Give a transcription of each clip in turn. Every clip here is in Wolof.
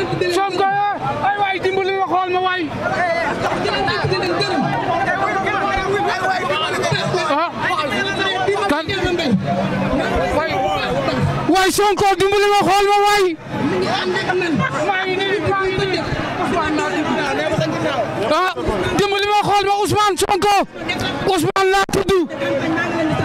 Sonko ay waay dimbali ma xool ma waay. kan waay Sonko dimbali ma xool ma waay. ah dimbali ma ah, xool ma Ousmane Sonko Ousmane laa tudd.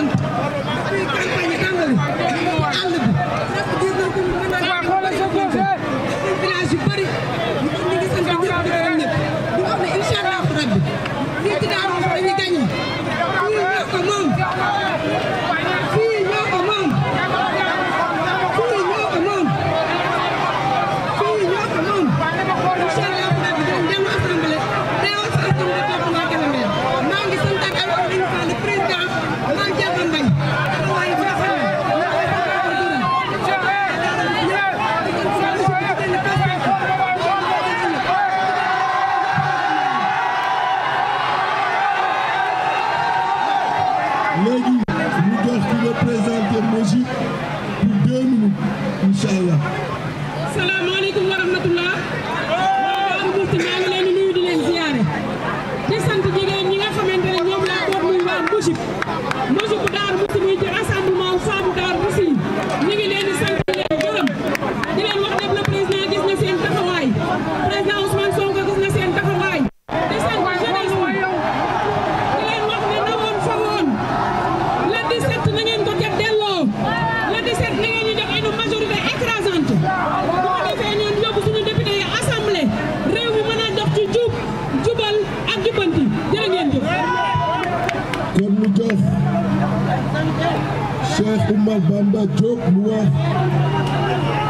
Cheikh Bamba Diop mu wax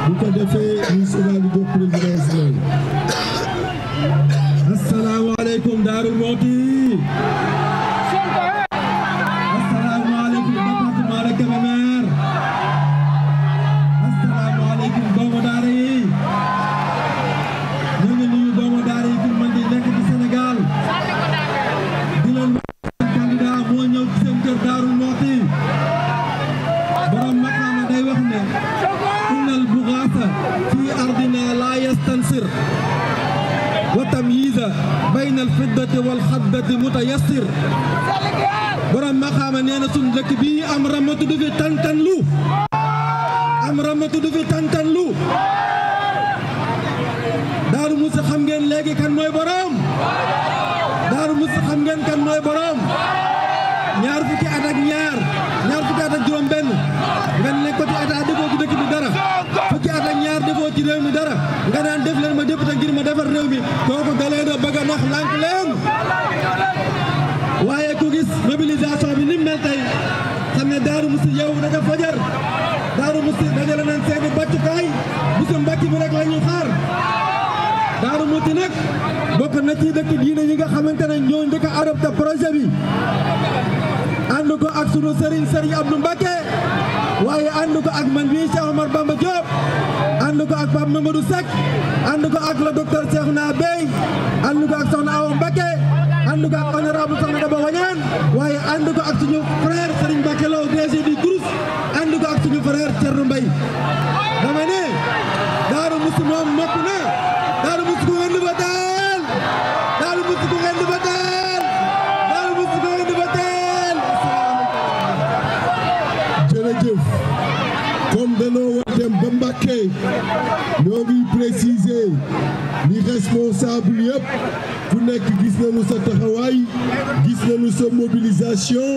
bu ko defee ministre daal di jox présidentiel asalaamaaleykum Darou Mouhty asalaamaaleykum département de Kébémer asalaamaaleykum doomu daara yi ñu ngi nuyu doomu daara yi pour mën di nekk ci Sénégal di leen wax candidat moo ñëw ci seen kër Darou Mouhty متيسر وتمييز بين الفضة والحدة متيسر borom ma xaama nee na suñ dëkk bii am rama tudd fi tantan lu am rama tudd fi tantan lu daaru musi xam ngeen léegi kan mooy borom daaru musi xam ngeen kan mooy borom ñaar fukki at ak ñaar ci réew mi dara nga naan def leen ma député ngir ma defar réew mi kooku leen a bëgg a nax lànk leen waaye ku gis mobilisation bi ni mel tey xam ne Daaru Musi yow daga fajar Daaru Musi dajale nañ seeni bàccukaay bisu mbàkki bi rek la ñuy xaar Daaru Musi nag bokk na ci dëkk diine yi nga xamante ne ñoo njëkk a adopté projet bi ànd ko ak sunu Serigne Serigne Abdou Mbacké waaye ànd ko ak man mii Cheikh Omar Bamba Diop ànd ko ak Pape Mamadou Seck ànd ko ak le docteur Cheikhouna Bey ànd ko ak soxna Awa Mbacké ànd ko ak honorable soxna Daba Wañaan waaye ànd ko ak suñu frère Serigne Mbacké Lo DG du groupe ñoo ngi préciser ni responsable yëpp ku nekk gis nañu sa taxawaay gis nañu sa mobilisation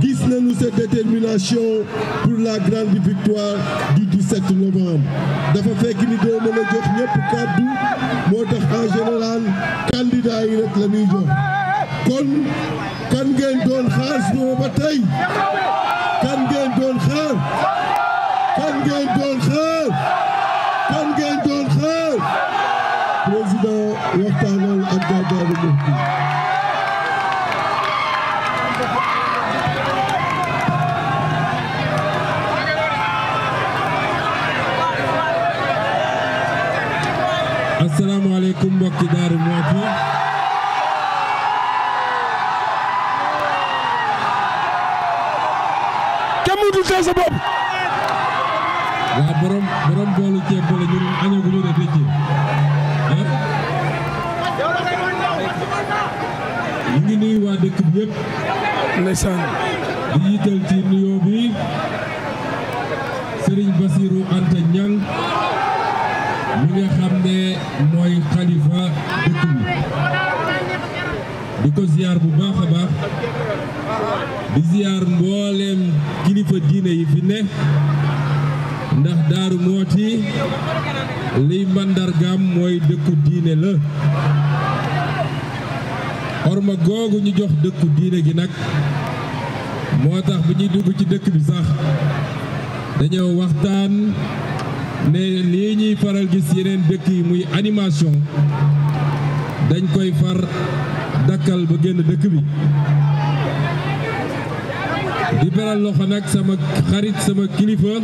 gis nañu sa détermination pour la grande victoire du 17 novembre dafa fekk ni doo mën a jox ñëpp kàddu moo tax en général candidat yi rek la ñuy jox kon kan ngeen doon xaar kan ngeen doon xaar ci Daaru Muxti kenn mu dul tey waa borom boolu ceeb boole ñun añaguñu ne dëcce ñu ngi nuyu waa dëkk bi yëpp ndeysaan di yital ci nuyoo bi Serigne Bassirou ko ziar bu baax a baax di ziar kilifa diine yi fi ne ndax Daaru Mooti liy màndargaam mooy dëkku diine la orma googu ñu jox dëkku diine gi nag moo tax bi ñuy dugg ci dëkk bi sax dañoo waxtaan ne lii ñuy faral gis yeneen dëkk yi muy animation dañ koy far dakkal ba génn dëkk bi di beral loxo nag sama xarit sama kilifa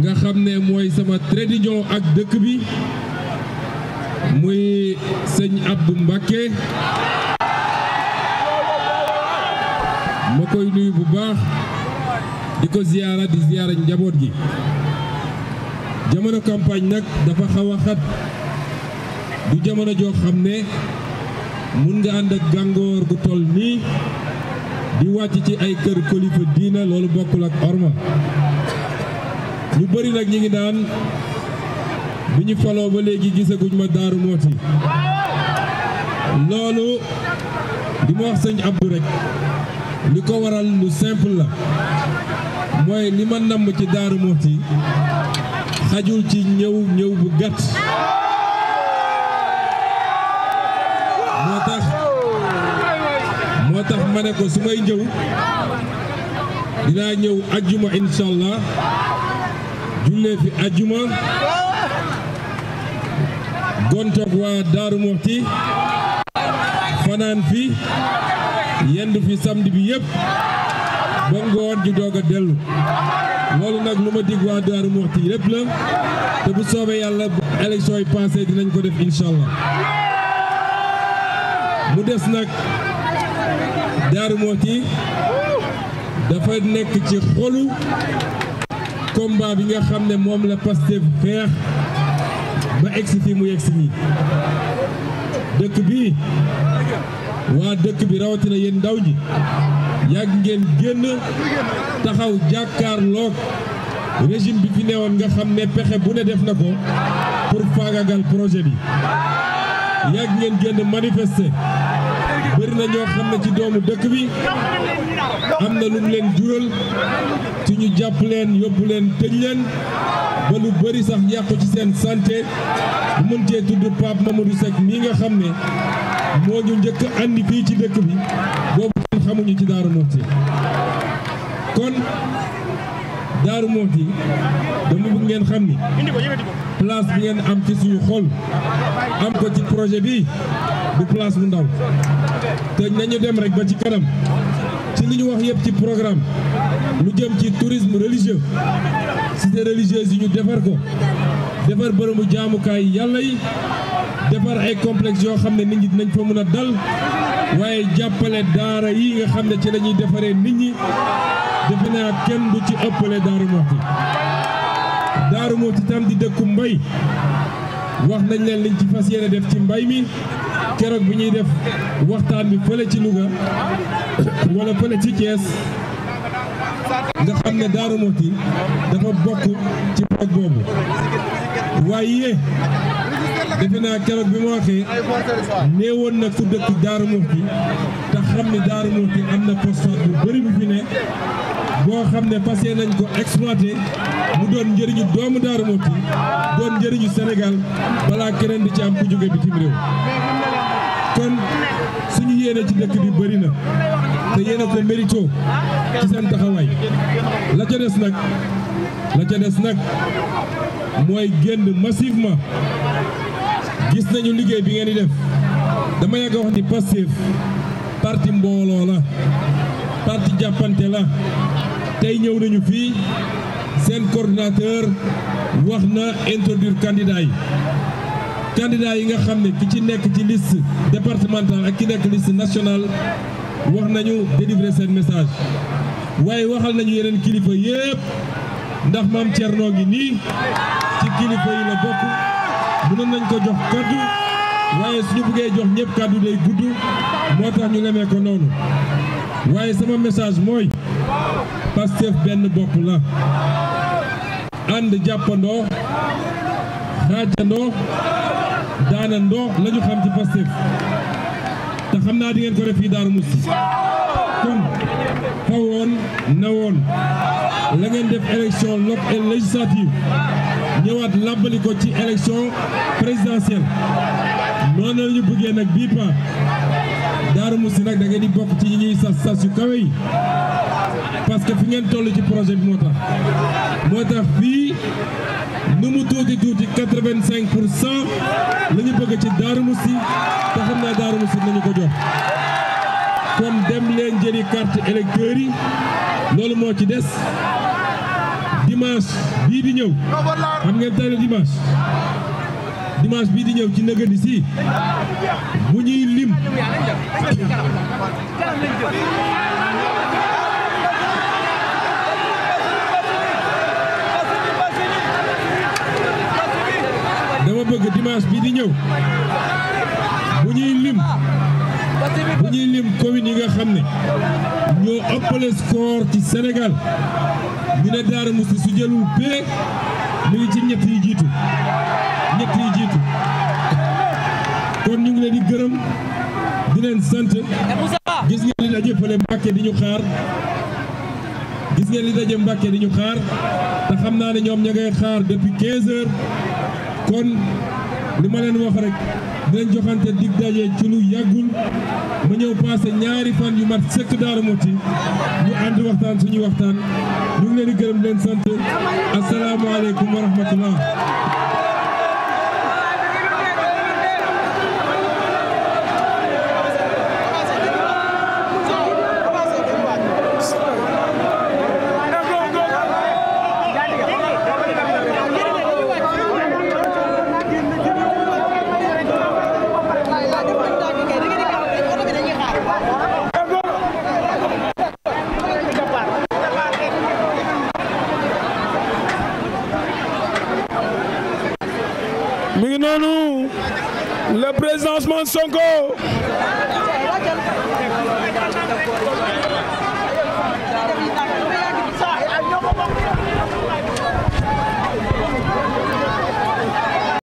nga xam ne mooy sama tradition ak dëkk bi muy sëñ Abdou Mbacké ma koy nuyu bu baax di ko ziyaara di ziyaara njaboot gi jamono campagne nag dafa xaw xat du jamono joo xam ne mun nga ànd ak gàngoor gu toll nii di wàcc ci ay kër kilifa diina loolu bokkul ak orma ñu bëri nag ñi ngi daan bi ñu faloo ba léegi gisaguñ ma daaru mooti loolu di ma wax sëñ Abdou rek li ko waral lu simple la mooy li ma namm ci daaru mooti xajul ci ñëw ñëw bu gàtt ma ne ko su may ñëw dinaa ñëw ajjuma incha allah jullee fi ajjuma gontoog waa Daaru Muxti fanaan fi yendu fi samedi bi yëpp ba ngoon ji doog dellu loolu nag lu ma dig waa Daaru Muxti lépp la te bu soobee yàlla bu élection yi passé dinañ ko def incha allah des nag Daaru Mooti dafa nekk ci xolu combat bi nga xam ne moom la Pastef xeex ba egsi fi mu yegsi nii dëkk bi waa dëkk bi rawatina yéen ndaw ñi yàgg ngeen génn taxaw jàkkaarloog régime bi fi newoon nga xam ne pexe bu ne def na ko pour faagagal projet bi yàgg ngeen génn manifester bari na ñoo xam ne ci doomu dëkk bi am na lu mu leen jural ci ñu jàpp leen yóbbu leen tëj leen ba lu bëri sax yàqu ci seen santé bu mën cee tudd Pape Mamadou Seck mii nga xam ne moo ñu njëkk andi fii ci dëkk bi boobu kenn xamuñu ci Daaru Muxti kon Daaru Muxti dama bëgg ngeen xam ni place bi ngeen am ci suñu xol am ko ci projet bi du place bu ndaw te nañu dem rek ba ci kanam ci li ñu wax yëpp ci programme lu jëm ci tourisme religieux cité religieuse yi ñu defar ko defar bërëbu jaamukaay yàlla yi defar ay complexe yoo xam ne nit ñi dinañ fa mën a dal waaye jàppale daara yi nga xam ne ci lañuy ñuy defaree nit ñi defe naa kenn du ci ëppale Daaru Muxti Daaru Muxti tam di dëkku mbay wax nañ leen liñ ci fas yéene def ci mbay mi keroog bi ñuy def waxtaan bi fële ci Louga wala fële ci Thiès nga xam ne Darou Mouhty dafa bokk ci boog boobu waaye defe naa keroog bi ma waxee néewoon na ku dëkk Darou Mouhty te xam ne Darou Mouhty am na phosphate bu bëri bu fi ne boo xam ne passé nañ ko exploité mu doon njëriñu doomu Darou Mouhty doon njëriñu Sénégal balaa keneen di ci am ku jóge bitim réew kon suñu yéene ci dëkk bi bëri na te yéene ko mérito ci seen taxawaay la ca des nag la ca nag mooy génn massivement gis nañu liggéey bi ngeen di def dama yàgg wax ni Pastef parti mbooloo la parti jàppante la tey ñëw nañu fii seen coordinateur wax na introduire candidat yi candidat yi nga xam ne ki ci nekk ci liste départementale ak ki nekk liste nationale wax nañu délivrer seen message waaye waxal nañu yeneen kilifa yépp ndax maam Thierno ngi nii ci kilifa yi la bokk mënoon nañ ko jox kaddu waaye suñu bëggee jox ñépp kaddu day gudd moo tax ñu lemee ko noonu waaye sama message mooy Pastef benn bopp la ànd jàppandoo xaajandoo daana ndoox la ñu xam ci Pastef te xam naa di ngeen ko def fii Daaru Musti kon fa na woon la ngeen def élection locale législative ñëwaat làbbali ko ci élection présidentielle noonu la ñu nag bii pa Daaru Musti nag da ngeen di bokk ci ñi ñuy sas sas yu kawe yi que fi ngeen toll ci projet bi moo tax moo tax fii nu mu tuuti tuuti pour cent la ñu bëgg ci Darou Mousty te xam naa Darou Mousty nañu ko jox kon dem leen jëli carte électeur yi loolu moo ci des dimanche bii di ñëw xam ngeen tey dimanche dimanche bii di ñëw ci nëgëni si bu ñuy lim ba dimanche bi di ñëw bu ñuy lim bu ñuy yi nga xam ne ci Sénégal ñu ne Darou Mousty su mu ci ñett jiitu ñett yi jiitu ñu ngi leen di gërëm di leen sant gis ngeen li daje gis ngeen li daje Mbàkke ñu xaar naa ne ñoom ña ngay xaar depuis 15 heures. kon lu ma leen wax rek dinañ joxante dig daje ci lu yàggul ma ñëw passé ñaari fan yu mat sëkk Daaru Muxti ñu ànd waxtaan suñu waxtaan ñu ngi leen di gërëm leen sant asalaamaaleykum wa rahmatullah noonu le président Ousmane Sonko